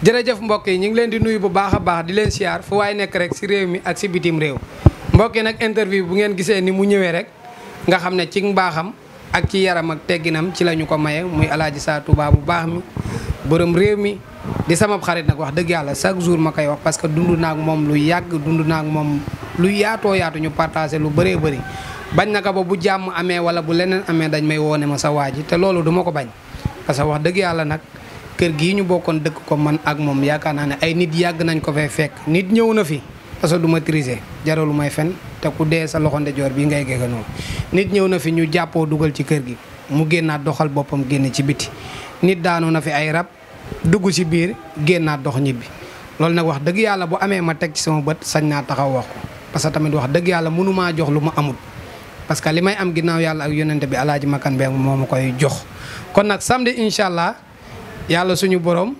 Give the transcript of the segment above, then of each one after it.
jërëjëf mbokk yi ñu ngi leen di nuyu bu baax a baax di leen siyaar fu waaye nekk rek si réew mi ak si bitim réew mbokk yi nag interview bu ngeen gisee ni mu ñëwee rek nga xam ne ci mbaaxam ak ci yaram ak tegginam ci la ñu ko maye muy alaaji Sa Touba bu baax mi borom réew mi di sama xarit nag wax dëgg yàlla chaque jour ma koy wax parce que dund naa ak moom lu yàgg dund naa ak moom lu yaatoo yaatu ñu partagé lu bëree bëri bañ na ko ba bu jàmm amee wala bu leneen amee dañ may woone ma sa waa ji te loolu duma ko bañ nag kër gii ñu bokkoon dëkk ko man ak moom yaakaar naa ne ay nit yàgg nañ ko fee fekk nit ñëw na fi parce que du ma triser may fen te ku dee sa loxo ndejoor bi ngay géganoo nit ñëw na fi ñu jàppoo dugal ci kër gi mu génnaa doxal boppam génn ci biti nit daanoo na fi ay rab dugg ci biir génnaat dox ñibbi loolu nag wax dëgg yàlla bu amee ma teg ci sama bët sañ naa taxaw wax ko parce que tamit wax dëgg yàlla mënumaa jox lu ma amul parce que li may am ginnaaw yàlla ak yonente bi alaaji makan be moo ma koy jox yàlla suñu borom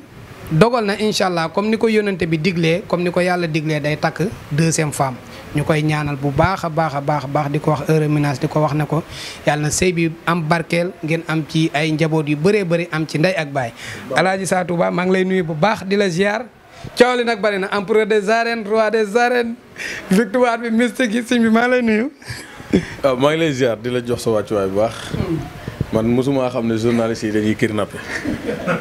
dogal na incha allah comme ni ko yónnante bi diglee comme ni ko yàlla diglee day takk deuxième femme ñu koy ñaanal bu baax a baax a baax a baax di ko wax heure ménage di ko wax na ko yàlla na sëy bi am barkeel ngeen am ci ay njaboot yu bëree bëri am ci ndey ak baay. alaaji Satou Ba maa ngi lay nuyu bu baax di la gear coow li nag bari na empereur des arènes roi des arènes victoire bi mystique yi sëñ bi maa lay nuyu. waaw ah, maa ngi lay ziar di la jox sa wàccuwaay bu baax. Hmm. man mosuma xam ne journaliste yi dañuy kidnappé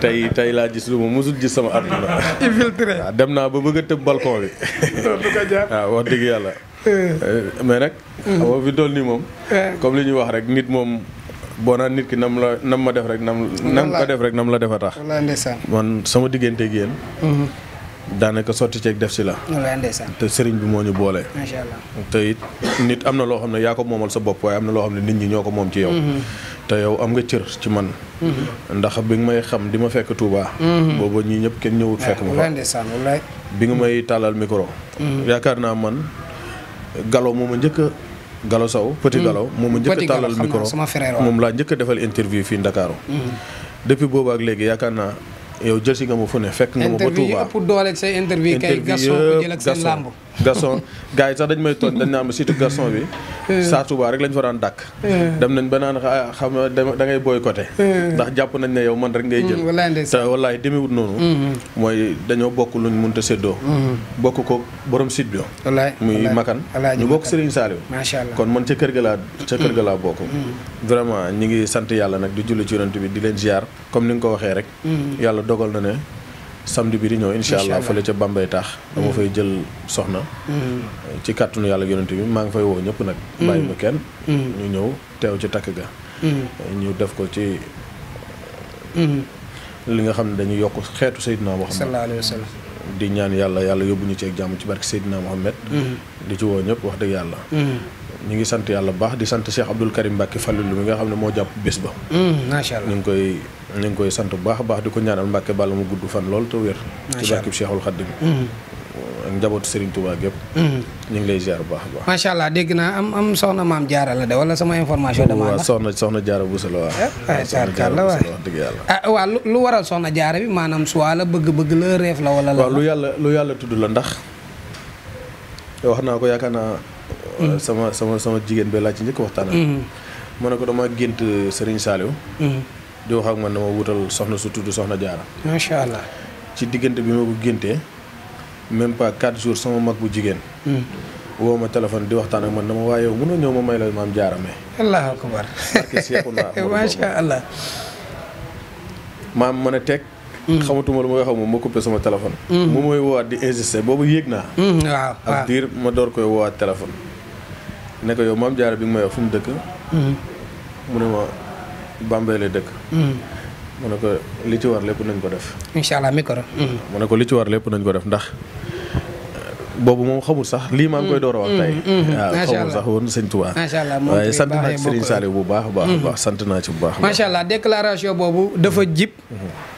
tey tey laa jis lu ma mosul gis sama àdduna. infiltré waaw ah, dem naa ba bëgg a tëb balcon bi. waaw ah, wax dëgg yàlla. Eh. Eh, mais rek mm. xaw fi toll nii moom. Eh. comme li ñuy wax rek nit moom. boo naan nit ki nam la nam ma def rek nam. nam ko def rek nam la defa tax. man sama diggante génn daanaka sotti ceeg def si la. te sëriñ bi moo ñu boole. macha allah te nit am na loo xam ne yaa ko moomal sa bopp waaye am na loo xam ne nit ñi ñoo ko moom ci yow. Mm-hmm. te yow am nga cër ci man. Mm-hmm. ndax bi nga may xam di ma fekk Touba. Mm-hmm. booba ñii ñëpp kenn ñëwut fekk ma fa. bi nga may tàllal mikoro yaakaar naa man galo moom a njëkk a galo saw. petit galo moom a njëkk a tàllal micro moom laa njëkk defal interview fii Ndakaaru. depuis booba ak léegi yaakaar naa yow jël si nga ma fu ne fekk nga ma ba Touba interview yi ëpp doole say interview kay gasoo ko jël ak seen làmb garçon gars yi sax dañ may toon dañ na ma surtout garçon bi eh. saa Touba rek lañ fa daan dàkk eh. dem nañ ba naan ah, xam nga da ngay boycotté eh. ndax jàpp nañ ne yow man rek ngay jël mm, te wallaay demewut noonu mm-hmm. mooy dañoo bokk luñ munta séddoo mm-hmm. bokk ko borom site bi muy makan ñu bokk Serigne Saliou macha allah kon man ca kër ga laa ca kër ga laa mm-hmm. bokk vraiment ñi ngi sant yàlla nag di julli ci yonent bi di leen ziar comme ni nga ko waxee rek yàlla dogal na ne samedi bi di ñëw incha allah fële ca Bambey taax dama mm. fay jël soxna mm. eh, ci kàttanu yàlla yonent bi maa ngi fay woo ñëpp nag mm. bàyyi ma kenn ñu ñëw teew ci takk ga eh, ñu def ko ci li nga xam ne dañu yokk xeetu Seydina Muhammad sallallahu alayhi wa di ñaan yàlla yàlla yóbbu ñu ci ak jàmm ci barke Seydina Mohamed. Mm-hmm. di ci woo ñëpp wax dëgg yàlla. Mm-hmm. ñu ngi sant yàlla bu baax di sant Cheikh Abdoul Karim Mbacke Fallilu mi nga xam ne moo jàpp bés ba. Mm-hmm. macha allah ñu ngi koy ñu ngi koy sant bu baax a baax di ko ñaanal Mbacke bàlla mu gudd fan lool te wér. macha allah ci barke Cheikhul Khadim ak njabootu Serigne Touba gépp mm-hmm. ñu ngi lay ziar bu baax a baax. macha allah dégg naa am am soxna maam jaara la de wala sama information. dama la waaw soxna soxna jaara bu sa la waaw. waaw soxna jaara bu la wax dëgg yàlla. ah lu la bëgg-bëgg la reef la wala la. yàlla tudd la ndax wax naa ko yaakaar naa. Mm-hmm. sama sama sama jigéen bi laa ci njëkk waxtaan mm-hmm. ma ne ko dama gént Serigne Saliou. di ak man dama wutal soxna su tudd soxna jaara. macha allah. ci diggante bi ma ko géntee. même pas quatre jours sama mag bu jigéen. Hmm. woo ma téléphone di waxtaan ak man dama waaye yow mënoo ñëw ma may la maam jaarame. allahu akbar. macha allah. maam mën a teg. Hmm. xamatuma lu ma wax moom ma coupé sama téléphone. Hmm. mu mooy woowaat di insister boobu yéeg naa. waaw ak diir ma door koy woowaat téléphone. ne ko yow maam jaara bi nga may wax fu mu dëkk. mu ne ma Bambey la dëkk. mu ne ko li ci war lépp nañ ko def. incha allah micro. mu ne ko li ci war lépp nañ ko def ndax. boobu moom xamul sax lii maa ngi koy mm. door a wax mm. tey. Mm. waaw sant naa ci Serigne bu baax a baax sant naa bu baax. macha allah boobu dafa jib.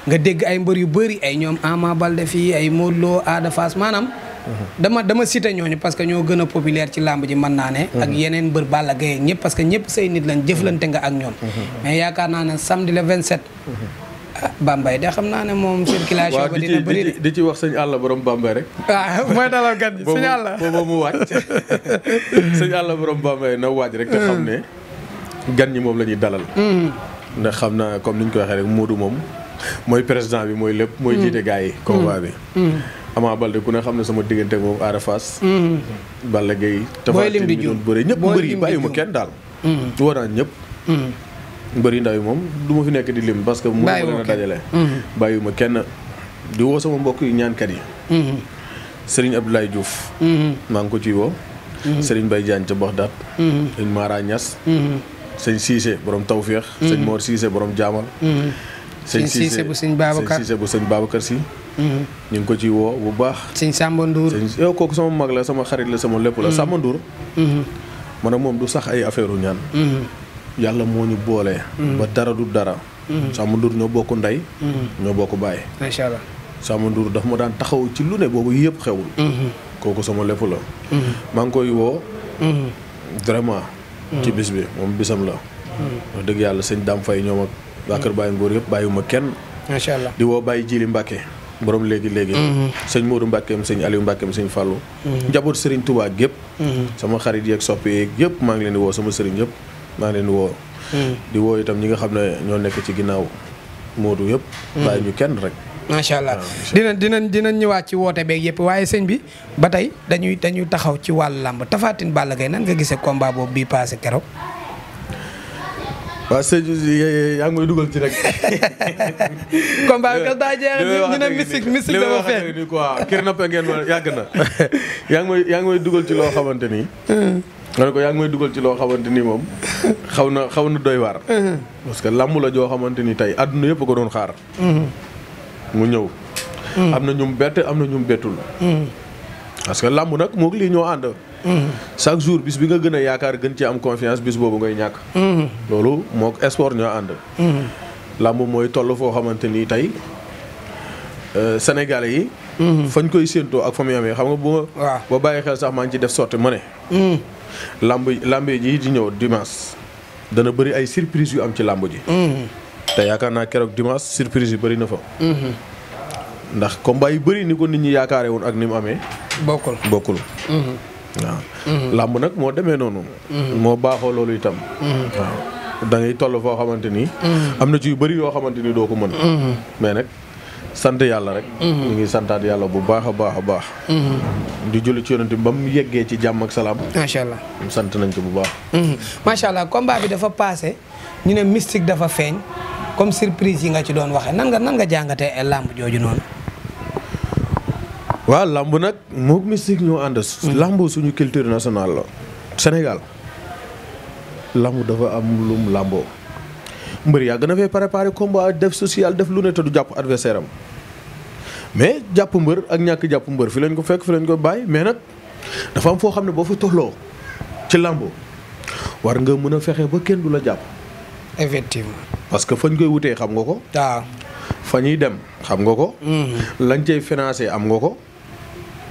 nga dégg ay mbër yu bëri ay ñoom Ama Baldé fii ay Modou Lo Ada Fass maanaam. dama dama cité ñooñu parce que ñoo gën a populaire ci làmb ji man naa ne. Mm-hmm. ak yeneen mbër Balla Gaye ñëpp parce que ñëpp say nit lañ jëflante nga ak ñoom. Mm-hmm. mais yaakaar naa ne samedi le 27. Bambay de xam naa ne moom circulation ba di ci wax sëñ àll borom Bambay rek. waaw mooy dalal gan yi sëñ àll boobu mu waaj sëñ àll borom Bambay na waaj rek. te xam mm. ne gan ñi moom la ñuy dalal. Mm. ndax xam naa comme ni ñu ko waxee rek Moodu moom mooy président bi mooy lépp. mooy mm. jiite gars yi convoi bi. Ama Balde ku ne xam ne sama diggante moom Ada Fass. Balla Gaye. booy lim di ju tafaati mi doon bëre ñëpp mbër yi kenn daal. waraan ñëpp. mbëri ndaw yi moom du ma fi nekk di lim parce que mu leen a dajale mm-hmm. ma kenn di woo sama mbokk yi ñaankat yi mm-hmm. Serigne Abdoulaye Diouf mm-hmm. maa ngi ko ciy woo sëriñ bay Diagne ca Baxdaat sëñ Mara Niass sëñ Cissé borom Tawféex sëñ Mor borom Jaamal sëñ Cissé bu sëñ Babacar sëñ Cissé bu sëñ Babacar si ñu ngi ko ci woo bu baax sëñ Samba Ndour yow kooku sama mag la sama xarit la sama lépp la Samba Ndour man ak moom du sax ay affaire u ñaan yàlla moo ñu boole. Mm-hmm. ba dara du dara. Mm-hmm. Samba ñoo bokk ndey. Mm-hmm. ñoo bokk baay. macha allah Samba Ndour daf ma daan taxaw ci lu ne boobu yëpp xewul. kooku sama lépp la. maa ngi koy woo. vraiment. ci bis bi moom bisam la. wax dëgg yàlla sëñ Dame Faye ñoom ak waa Kër Baye Ngor bàyyi ma kenn. macha allah di woo Baye Jili Mbacke borom léegi léegi. sëñ Modou Mbackeem sëñ Aliou Mbackeem sëñ Fallou. njaboot Serigne tubaab gépp sama xarit yeeg soppi yeeg maa ngi leen di woo sama sëriñ yëpp. maa ngi leen di woo. Hmm. di woo itam ñi nga xam ne ñoo nekk ci ginnaaw moodu yëpp. Hmm. bàyyi ñu kenn rek. macha allah dinañ dinañ dinañ ñëwaat ci woote beeg yëpp waaye sëñ bi ba tey dañuy dañuy taxaw ci wàll làmb tafaatin Tine Balla Gaye nga gisee combat bii passé keroog. waaw sëñ bi yaa dugal ci rek. daa yàgg na yaa ngi may dugal ci loo xamante ni. Hmm. nga ne ko yaa ngi may dugal ci loo xamante ni moom xaw na xaw na doy waar. Mm-hmm. parce que làmb la joo xamante ni tey àdduna yëpp ko doon xaar. Mm-hmm. mu ñëw. Mm-hmm. am na mu bett am na ñu ñum bettul. parce que làmb nag moo lii ñoo ànd. chaque jour bis bi nga gën a yaakaar gën ci am confiance bis boobu ngay ñàkk. loolu moog sport ñoo ànd. làmb mooy toll foo xamante ni tey euh, sénégalais yi. fañ koy séentoo ak fa muy amee xam nga boo ma. ba bàyyi xel sax maa ngi ci def sotti ma ne. làmb làmb ji di ñëw dimanche dana bëri ay surprise yu am ci làmb ji. Mm-hmm. te yaakaar naa keroog dimanche surprise yu bëri na fa. Mm-hmm. ndax combat yu bëri ni ko nit ñi yaakaare woon ak ni mu amee. bokkul bokkul. Mm-hmm. waaw. làmb nag moo demee noonu. moo baaxoo loolu itam. waaw da ngay toll foo xamante ni. am na ci yu bëri yoo xamante doo ko mën. mais nag. sant yàlla rek. Mhm. ñu ngi santaat yàlla bu baax a baax a baax. Mhm. di julli ci yonent ba mu yeggee ci jàmm ak salaam. macha allah sant nañ ko bu baax. Mhm. macha allah combat bi dafa paase ñu ne mystique dafa feeñ comme surprise yi nga ci doon waxee nan nga nan nga jàngatee eh, làmb jooju noonu. waaw làmb nag mu mystique ñoo ànd. làmb suñu culture nationale la. Sénégal làmb dafa am lum làmboo. mbër yaa gën a fee préparé combat def social def lu ne te du jàpp adversaire mais jàpp mbër ak ñàkk jàpp mbër fi lañ ko fekk fi lañ ko bàyyi mais nag dafa am foo xam ne boo fa tolloo ci làmb war nga mën a fexe ba kenn du la jàpp. effectivement. parce que fañ koy wutee xam nga ko. waaw fa ñuy dem xam nga ko. Mhm. lañ cay financé am nga ko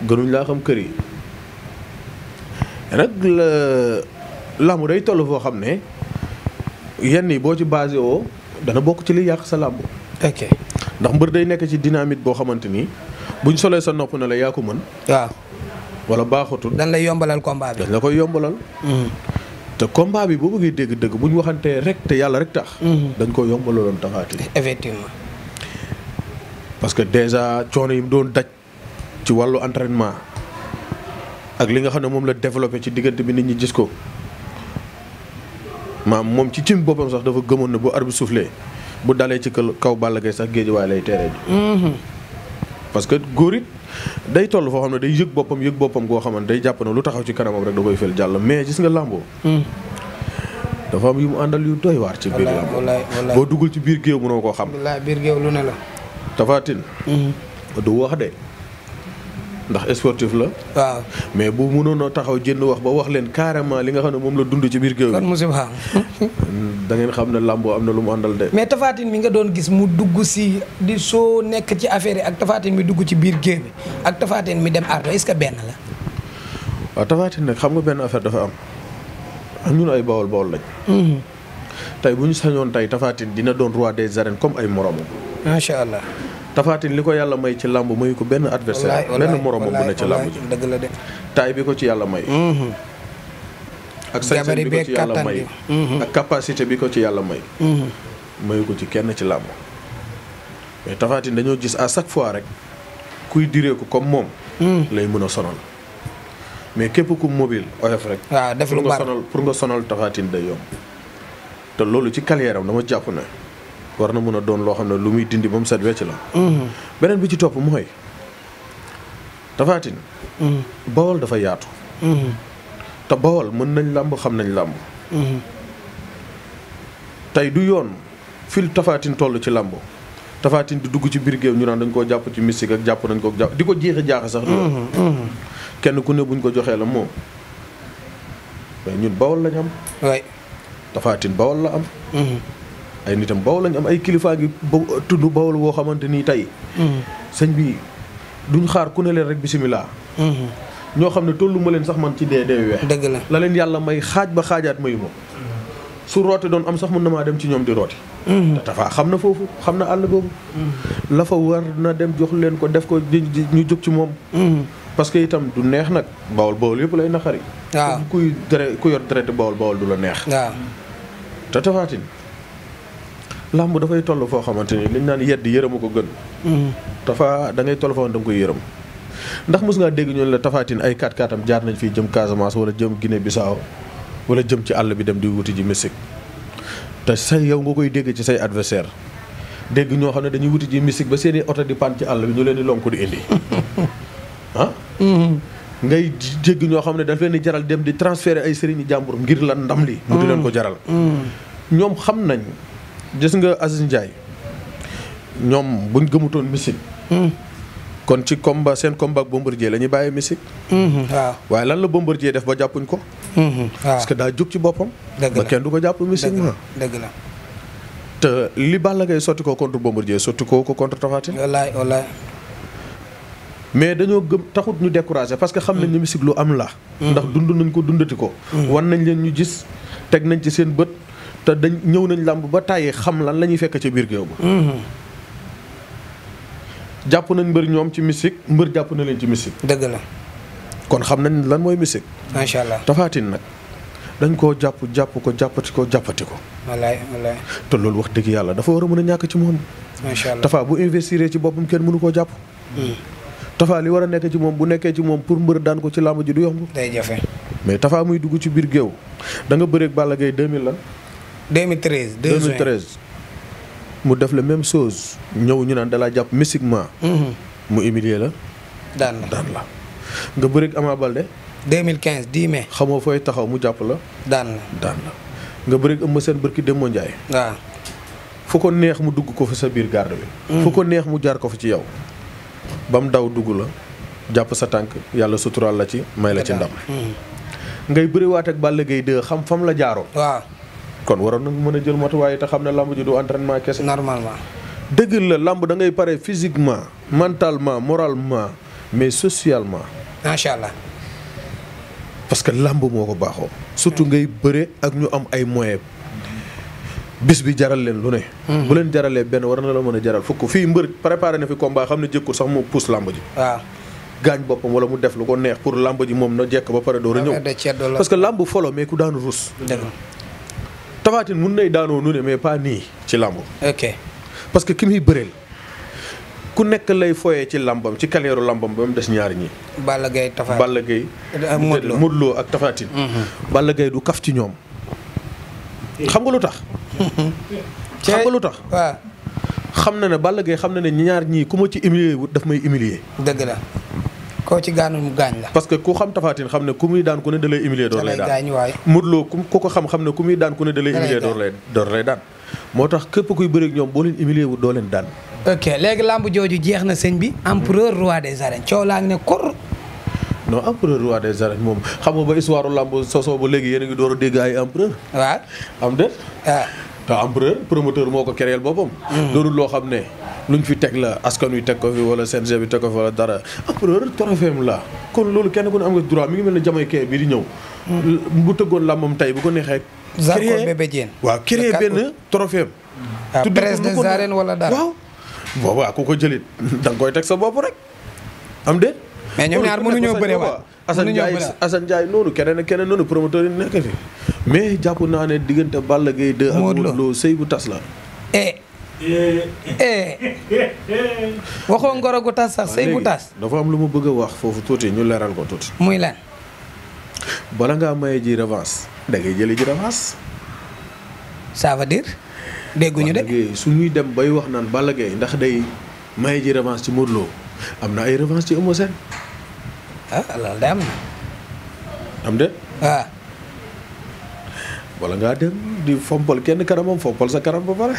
gënuñ laa xam kër yi nag la làmb day toll foo xam ne. yenn yi boo ci basé woo dana bokk ci li yàq sa làmb ok ndax mbër day nekk ci dynamite boo xamante ni buñ solee sa nopp na la yaa ko mën. waaw. wala baaxatul. dañ lay yombalal combat bi. dañ la koy yombalal. Mm-hmm. te bi boo bëggee dégg-dëgg bu ñu waxantee rek te yàlla rek tax. Mm-hmm. dañ ko yombaloon taxaati. effectivement. parce que déjà coono yi mu doon daj ci wàllu entraînement ak li nga xam ne moom la développé ci diggante bi nit ñi gis ko. maam moom ci cim boppam sax dafa gëmoon na bu arbitre soufflé bu dalee ci kaw Balla Gaye sax géejuwaay lay teeree ji. Mhm. parce que góor it day toll foo xam ne day yëg boppam yëg boppam goo xam ne day jàpp ne lu taxaw ci kanamam rek da koy fël jàll mais gis nga làmboo. Mhm. dafa am yu mu àndal yu doy waar. ci biir làmboo boo duggul ci biir géew mënoo ko xam. biir géew lu ne la. Tapha Tine. Mhm. du wax de. ndax sportif la. waaw mais bu mënoon a taxaw jënd wax ba wax leen carrément li nga xam ne moom la dund ci biir géew bi. kon musiba da ngeen xam ne am na lu mu àndal de. mais tafaatin mi nga doon gis mu dugg si di soo nekk ci affaire yi ak tafaatin mi dugg ci biir géew bi ak tafaatin mi dem ardo est-ce que benn la. waaw tafaatin nag xam nga benn affaire dafa am ñun ay bawol bawol lañ. Mhm. tey bu ñu sañoon tey tafaatin dina doon roi des arènes comme ay moromam. macha allah. tafaatin li ko yàlla may ci làmb mayu ko benn adversaire benn moroomam bu ne ci làmb ji la de taay bi ko ci yàlla may mhm. ak sañ-sañ bi ko ci yàlla may mhm. ak capacité bi ko ci yàlla may mhm. mayu ko ci kenn ci làmb mais tafaatin dañoo gis à chaque fois rek kuy diree ko comme moom lay mën a sonal mais képp ku mobile oyof rek waaw ah, def lu baax pour nga sonal pour nga sonal tafaatin day yomb te loolu ci carrière am dama jàpp ne war na mën a doon loo xam ne lu muy dindi ba mu set wecc la. Mm-hmm. beneen bi ci topp mooy Tapha mm-hmm. Bawol dafa yaatu. Mm-hmm. te Bawol mën nañ làmb xam nañ làmb. tey du yoon fil Tapha Tine toll ci làmb Tapha Tine dugg ci biir géew ñu naan dañ koo jàpp ci mystique ak jàpp nañ ko jàpp di ko jeexe jaaxe sax. kenn ku ne buñ ko joxee la moom mais ñun Bawol lañ am. waay Tapha Bawol la am. ay nitam bawol lañ am ay kilifaa gi tudd bawol woo xamante ni tey. Hmm. sëñ bi duñ xaar ku ne leen rek bisimilah. Hmm. ñoo xam ne tollu ma leen sax man ci dee dee weex. la la leen yàlla may xaaj ba xaajaat mayu ma. su roote doon am sax mën na maa dem ci ñoom di rooti. Hmm. te xam na foofu xam na àll boobu. la fa war na dem jox leen ko def ko ñu jóg ci moom. parce que itam du neex nag bawol bawol yëpp lay naxari. waaw kuy dere ku yor deret bawol bawol du la neex. waaw làmb dafay toll foo xamante ni liñ naan yedd yërëmu ko gën. Mm-hmm. Tafa da ngay toll foo xam da nga koy yërëm. ndax mos ngaa dégg ñu ne la Tapha Tine ay 4 x jaar nañ fi jëm Casamance wala jëm Guinée Bissau wala jëm ci àll bi dem di wuti ji Mexique te say yow nga koy dégg ci say adversaire dégg ñoo xam ne dañuy wuti ji Mexique ba seen i oto di pan ci àll bi ñu leen di lonku di indi ah. Mm-hmm. ngay dégg ñoo xam ne daf leen di jaral dem di transférer ay sëriñu jàmbur ngir lan ndam li. mu leen ko mm-hmm. jaral. ñoom xam nañ. gis nga Aziz Ndiaye ñoom buñ gëmutoon misik hmm. kon ci combat seen combat ak jee la ñuy bàyyi misik hmm, hmm, waaw waaye lan la Bombardier def ba jàppuñ ko. waaw daa jóg ci boppam. ba kenn du ko jàpp misik ma dëgg la. te li Balla Gaye sotti koo contre Bombardier sotti ko ko contre Tapha wallaay wallaay. mais dañoo gëm taxut ñu découragé parce que xam nañ ne misik lu am la. ndax dund nañ ko dundati ko. wan nañ leen ñu gis teg nañ ci seen bët. te dañ ñëw nañ làmb ba tàyyi xam lan la ñuy fekk ca biir géew ba mm-hmm. jàpp nañ mbër ñoom ci mystique mbër jàpp na leen ci mystique dëgg la kon xam nañ lan mooy mystique macha allah tafaatin nag dañ koo jàpp jàpp ko jàppati ko jàppati ko wallaay wallaay te loolu wax dëgg yàlla dafa war a mën a ñàkk ci moom macha allah tafaa bu investir ci boppam kenn mënu koo jàpp mm. tafaa li war a nekk ci moom bu nekkee ci moom pour mbër daan ko ci làmb ji du yomb day jafe mais tafaa muy dugg ci biir géew da nga bëreeg Balla Gaye 2000 la 2013 2 juin mu def la même chose ñëw ñu naan dalaa jàpp mystiquement. Mhm. mu humilier la. daan la daan la. nga bëreeg Ama Balde. 2015 10 mai. xamoo fooy taxaw mu jàpp la. daan la daan la. nga bëreeg Eumeu Sène barki Demba Ndiaye. waaw. fu ko neex mu dugg ko fi sa biir garde bi. Mhm. fu ko neex mu jaar ko fi ci yow. ba mu daw dugg la jàpp sa tànk yàlla suturaal la ci may la ci ndam. Mhm. ngay bëriwaat ak Balla Gaye xam fam la jaaroo. kon waroon na mën a jël matuwaay te xam ne lamb ji du entraînement kese. normalement. dëgg la lamb da ngay pare physiquement mentalement moralement mais socialement. macha allah. parce que lamb moo ko baaxoo. surtout ngay bëre ak ñu am ay moyens. bis bi jaral leen lu ne. Hmm. bu leen jaralee benn war a na la mën a jaral fukk fii mbër préparé na fi combat xam ne jëkkul sax mu pousse lamb ji. waaw gaañ boppam wala mu def lu ko neex pour lamb ji moom na jekk ba pare door a ñëw. parce que lamb folo mais ku Tapha Tine mun nay daanoo nu ne mais pas nii ci làmbam. ok parce que ki muy bëreel ku nekk lay foyee ci làmbam ci kaleeru làmbam ba mu des ñaari ñi. Balla Gaye Tapha Balla Gaye. Euh, ak Tapha Tine. Mm-hmm. du kaf ci ñoom. xam nga lu tax. xam nga lu tax. waaw xam na ne Balla Gaye xam na ne ñaar ñii ku ma ci humilier wut daf may humilier. dëgg koo ci gaanul mu gaañ la parce que ku xam Tapha xam ne ku muy daan ku ne da lay humilier door daan Modou Lo ku ko xam xam ne ku muy daan ku ne da lay humilier moo tax képp kuy bëreeg ñoom boo leen wu doo leen daan ok léegi lamb jooju jeex na sëñ bi empereur roi des arènes coow laa ngi ne kor non empereur roi des arènes moom xam nga ba histoire lamb sosoo ba léegi yéen a ngi door a dégg ay empereur waaw am déet ah. te promoteur moo kereel boppam. Hmm. loo xam ne luñ fi teg la askan wi teg ko wala CNG bi teg ko wala dara empereur trophée kon loolu kenn ku ne am nga mi ngi mel ne jamaïcain bi di ñëw. bu hmm. tëggoon làmbam tey bu ko neexee. Zarko Bébé Diène waaw créer benn trophée am. Ah, wala dara boobaa ku ko jëlit da nga koy teg sa bopp rek am déet. mais ñoom ñaar manu bëre waat mënuñoo bëre Assane Ndiaye Assane Ndiaye noonu keneen ak keneen noonu promoteur yi nekk fi. mais jàpp naa ne diggante Balla Gaye 2 ak Modou sëy bu tas la. Eh. eh. waxoo ngoro gu tas sax sëy bu tas. dafa am lu mu bëgg a wax foofu tuuti ñu leeral ko tuuti. muy lan. bala ngaa maye ji revanche da ngay jëlee ji revanche. ça veut dire. dégguñu de su ñuy dem bay wax naan Balla Gaye ndax day maye ji revanche ci Modou am na ay revanche ci Eumeu Sène. ah loolu de am na. am de. Ah. wala ngaa dem di fompal kenn kanamam fompal sa kanam ba pare.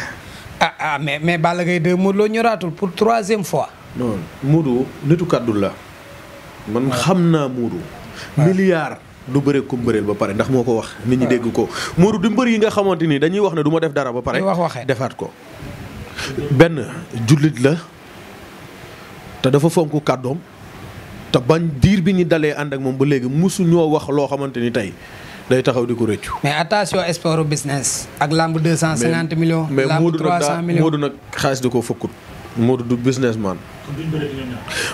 ah ah mais mais ngay Gaye 2 Modou ñoraatul pour troisième fois. non Modou nitu kàddu la man ah. xam naa Modou. Ah. milliard du bëre ku mbëreel ba pare ndax moo ko wax. nit ñi ah. dégg ko Modou du mbër yi nga xamante ni dañuy wax ne duma def dara ba pare. wax waxee defaat ko. benn jullit la te dafa fonk kàddoom te bañ diir bi ñu dalee ànd ak moom ba léegi musu ñoo wax loo xamante ni tey. day taxaw di ko rëccu. mais attention sport business. ak lamb 250 millions. lamb 300 mais Moodu nag xaalis di ko fëkkut. Moodu du businessman.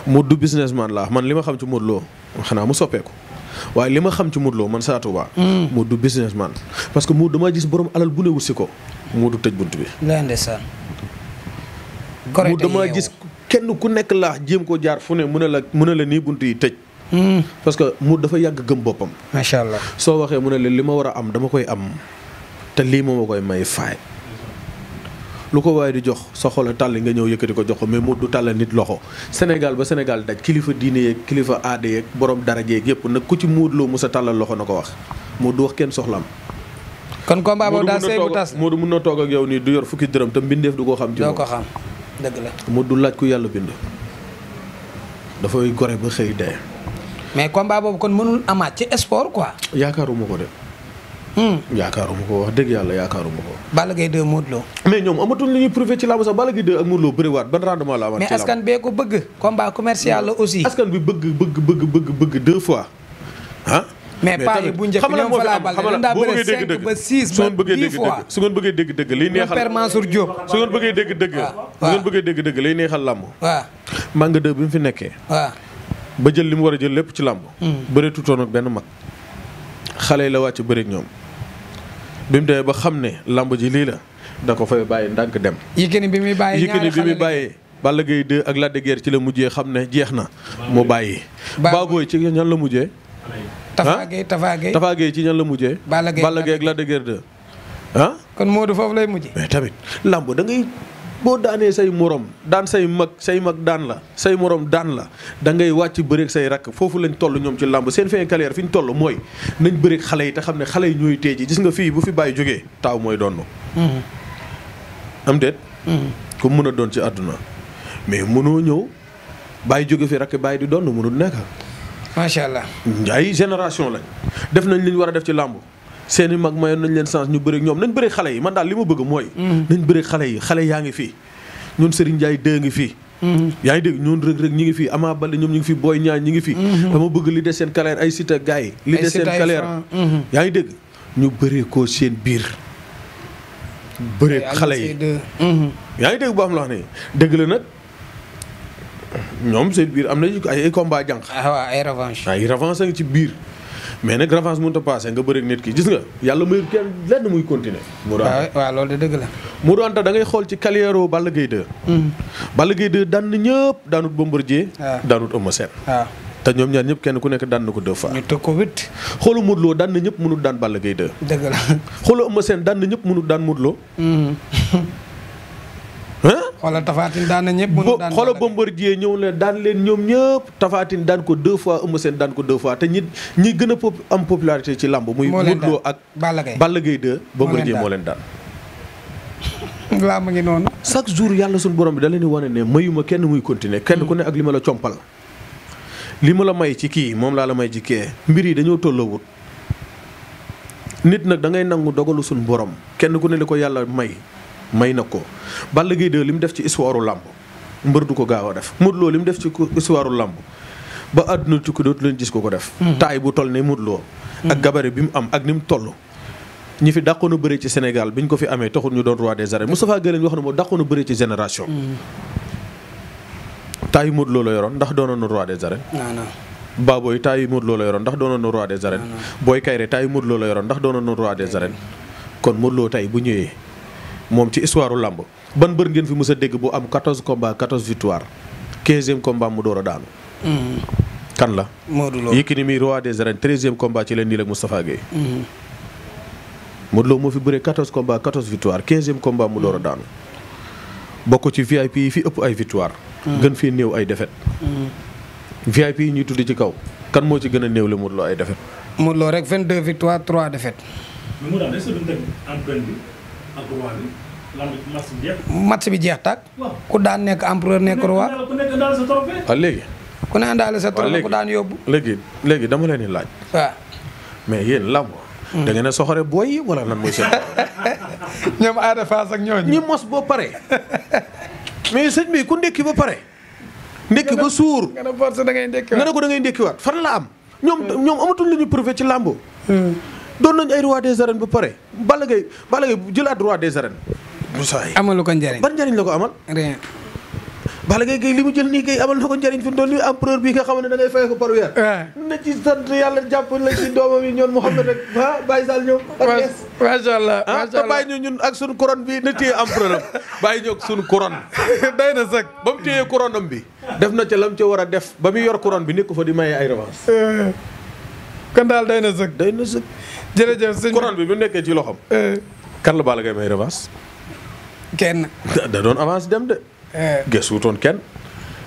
Moodu du businessman laa man li ma xam ci Moodu xanaa mu soppeeku. waaye li ma xam ci Modou man saa Touba. Hmm. Modou du businessman parce que Modou damaa gis borom alal bu ne wut si ko. tëj bunt bi. ndeysaan. correcte gis kenn ku nekk laax jéem ko jaar fu ne mën a la mën a la nii bunt yi tëj. Hmm. parce que mu dafa yàgg gëm boppam. macha allah soo waxee mu ne leen li ma war a am dama koy am te lii moom ma koy may faay. lu ko waaye di jox sa xol tàll nga ñëw yëkkati ko jox ko mais mu du tàll nit loxo Sénégal ba Sénégal daj kilifa diine yeeg kilifa aada yeeg borom dara yeeg yëpp nag ku ci muut loo mu sa tàllal loxo na ko wax mu du wax kenn soxlaam. kon combat daa daal sëy bu tas Moodu mun na toog ak yow nii du yor fukki dërëm te mbindeef du ko xam. ci moom ko xam dëgg du laaj ku yàlla bind. dafay gore mais combat boobu kon mënul amaat ci sport quoi. yaakaaruma ko de. Hmm. yaakaaruma ko wax dëgg yàlla yaakaaruma ko. Balla Gaye 2 Modou Lo. mais ñoom amatuñ li ñuy prouvé ci làmb sax Balla Gaye 2 ak Modou Lo bëriwaat ko bëgg. combat commercial la aussi. askan bi bëgg bëgg bëgg bëgg bëgg deux fois ah. mais paa yi bu njëkk ñoom ba 6 ba 10 fois bëggee dégg dëgg liy neexal Père Mansour Diop su dégg dëgg. waaw waaw su ngeen bëggee dégg dëgg liy neexal làmb. waaw Manga 2 bi mu fi nekkee. waaw ba jël li mu war a jël lépp ci làmb hmm. bëree tuutoon ak benn mag xale yi la wàcc bëri ñoom bi mu demee ba xam ne làmb ji lii la da ko fay bàyyi ndànk dem Yékini bi muy bàyyee Balla Gaye 2 ak Lac de ci la mujjee xam ne jeex na mu bàyyi Baboy ci ñan la mujjee Tapha Gueye Tapha Gueye ci ñan la mujjee Balla Gaye ak Lac de Guiers 2 ah kon Modou foofu lay mujjee tamit làmb da boo daanee say morom daan say mag say mag daan la say morom daan la da ngay wàcc bëreeg say rakk foofu lañ toll ñoom ci làmb seen fin carrière fi ñu toll mooy nañ bëreeg xale yi te xam ne xale yi ñooy tey ji gis nga fii bu fi bàyyi jógee taaw mooy doon. Mhm. am déet. Mhm. ku mën a doon ci àdduna mais mënoo ñëw bàyyi jóge fi rakk bàyyi di doon mënul nekk. macha allah. ay génération lañ def nañ li ñu war a def ci làmb. seen mag mayoon nañ leen chance ñu bëreeg ñoom nañ bëreeg xale yi man daal li ma bëgg mooy. Mm-hmm. nañ bëreeg xale yi xale yaa ngi fii ñun Serigne Ndiaye dëgg ngi fii. Mm-hmm. yaa ngi dégg ñun rëg rëg ngi fi Ama Baldé ñoom ñi ngi fi Boy Niang ñi ngi fi. Mm-hmm. dama bëgg li des seen carrière ay Siteu gars yi. li des seen carrière yaa ngi dégg ñu bëree ko seen biir. bëree xale yi yaa ngi dégg boo xam la wax ne dëgg la nag ñoom seen biir am nañu ay combat jànq. Ah, ay revanche ay revanche ngi ci biir. mais nag revanche mënut a passé nga bëri nit ki gis nga yàlla muy kenn lenn muy continuer Modou Anta waaw loolu de dëgg la Modou Anta da ngay xool ci carrière u Balla Gaye 2 hmm. Balla Gaye 2 daan na ñëpp daanut Bombardier ah. daanut Eumeu Sène waaw ah. te ñoom ñaar ñëpp kenn ku nekk daan na ko deux fois ñu tëgg ko huit xoolu Modou Lo daan na ñëpp mënut daan Balla Gaye 2 dëgg la xoolu Eumeu Sène daan na ñëpp mënut daan Modou xoolal Tafatin daan na ñëpp. mënul daan xoolal ñëw na daan leen ñoom ñëpp Tafatin daan ko deux fois Eumeu Sène daan ko deux fois te ñi ñi gën a pop am popularité ci làmb muy Modou Lo ak Balla Gaye Balla Gaye 2 moo leen daan làmb ngi noonu chaque jour yàlla suñu borom bi da leen di wane ne mayuma kenn muy continuer kenn ku ne ak li ma la compal li ma la may ci kii moom laa la may ci kee mbir yi dañoo tollawut nit nag da ngay nangu dogalu suñu borom kenn ku ne li ko yàlla may may na ko Balla Gaye 2 li mu def ci histoire làmb mbër du ko gaaw a def Modou Lo li mu def ci histoire làmb ba àdduna tukki dootu leen gis ko ko def mhm. taay bu toll ne Modou Lo ak mhm. gabari bi mu am ak ni mu toll ñi fi dàqoon a bëri ci senegal bi ñu ko fi amee taxul ñu doon roi des arènes Moustapha Gueye lañ wax ne moo dàqoon a bëri ci génération mhm. taayu Modou Lo la yoroon ndax doonoon roi des arènes Baboy taayu Modou Lo la yoroon ndax doonoon roi des arènes Boy Kayre taayu Modou Lo la yoroon ndax doonoon roi des kon Modou tey bu ñëwee moom ci histoire u làmb ban bër ngeen fi mës a dégg bu am 14 combats 14 victoire 15e combat mu door daanu. Hmm. kan la. Modou Lo Yékini mi roi des arènes 13e combat ci leen nii la ak Moustapha Gueye. Hmm. fi bëree 14 combats 14 victoire 15e combat mu door daanu. bokk ci VIP yi fi ëpp ay victoire. Hmm. gën fii néew ay defet VIP yi ñuy tudd ci kaw kan moo ci gën a néew la Modou ay défaite. Modou Lo rek 22 victoire 3 défaite. match bi jeex tàkk. ku daan nekk empereur nekk roi. waaw léegi. ku ne andaale sa trophée ku daan yóbbu. léegi léegi dama leen di laaj. mais yéen lamb. Hmm. da ngeen a soxore booy yi wala lan mooy seen. ñoom aada faas ak ñi mos ba pare. mais sëñ bi ku ndekki ba pare. ndekki ba suur nga ne da ngay ndekkiwaat nga ne ko da ngay ndekkiwaat fan la am. ñoom hmm. ñoom amatul lu ñu ci lamb. Hmm. doon nañ ay roi des arènes ba pare Balla Gaye Balla Gaye jëlaat roi des arènes. bu saay amalu ko njëriñ ban njëriñ la ko amal. rien. Balla Gaye kay li mu jël nii kay amal na ko njëriñ fi mu toll nii bi nga xam ne da ngay fay ko par weer. na ci sant yàlla jàpp la ci doomam yi ñoom Mouhamed rek ah Baye Sall ñoom. macha allah ah, ñu ñun ak suñu couronne bi na téye empereur am bàyyi ñu ak suñu couronne. day na sax ba mu téye couronne bi. def na ca lam ca war a def ba muy yor couronne bi nekk fa di maye ay revanche. Euh, kon daal day na sëg day jërëjëf sëñ couronne bi bi mu nekkee ci loxoom. Eh. kan la Balla may revanche. kenn. da doon avance dem de. Eh. gëstu wutoon kenn.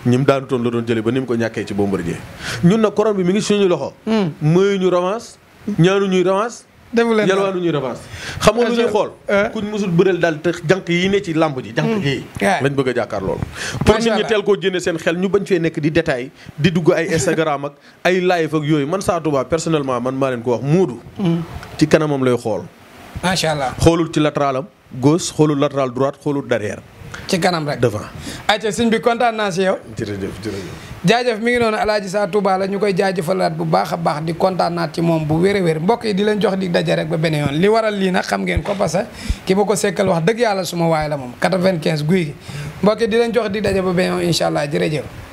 ñi mu daanutoon la doon jëlee ba ni mu ko ñàkkee ci Bombardier ñun nag couronne bi mi ngi suñu loxo. Hmm. mayuñu revanche ñaanuñuy revanche defu leen yalwaanu ñuy revanche xamoo lu ñuy xool euh, kuñ musul bëreel daal te jànq yi ne ci làmb ji jànq mm. yi lañ bëgg a jàkkaar loolu pour nit ñi teel koo jënde seen xel ñu bañ fee nekk di détail di dugg ay Instagram ak ay live ak yooyu man saa Touba personnellement man maa leen ko wax muudu mm. ci kanamam lay xool macha allah xoolul ci latéralam gauche xoolul latéral droite xoolul derrière ci kanam rek devant ayca sëñ bi kontaan naa si yow jaajëf mi ngi noonu alaaji sa Touba la ñu koy jaajëfalaat bu baax a baax di kontaanaat ci moom bu wér a mbokk yi di leen jox di daje rek ba beneen yoon li waral lii nag xam ngeen ko parce que ki ma ko sekkal wax dëgg yàlla suma waay la moom 95 guy gi mbokk yi di leen jox di daje ba beneen yoon incha allah jërëjëf